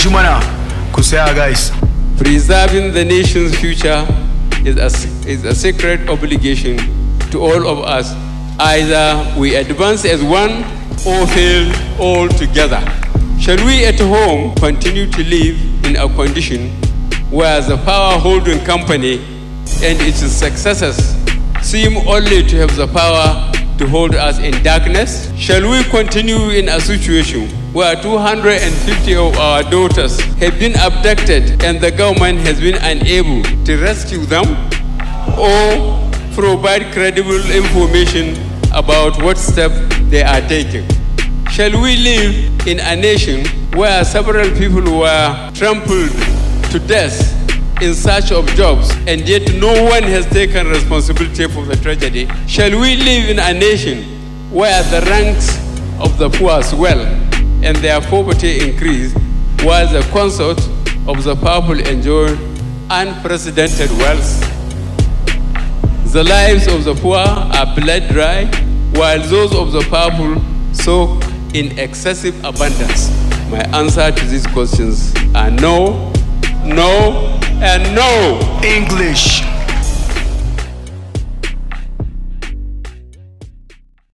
Jumana Kusea guys. Preserving the nation's future is a, is a sacred obligation to all of us. Either we advance as one or fail all together. Shall we at home continue to live in a condition where the power holding company and its successors seem only to have the power to hold us in darkness? Shall we continue in a situation where 250 of our daughters have been abducted and the government has been unable to rescue them or provide credible information about what steps they are taking. Shall we live in a nation where several people were trampled to death in search of jobs and yet no one has taken responsibility for the tragedy? Shall we live in a nation where the ranks of the poor swell and their poverty increased, while the consort of the powerful enjoyed unprecedented wealth. The lives of the poor are blood dry, while those of the powerful soak in excessive abundance. My answer to these questions are no, no, and no. English.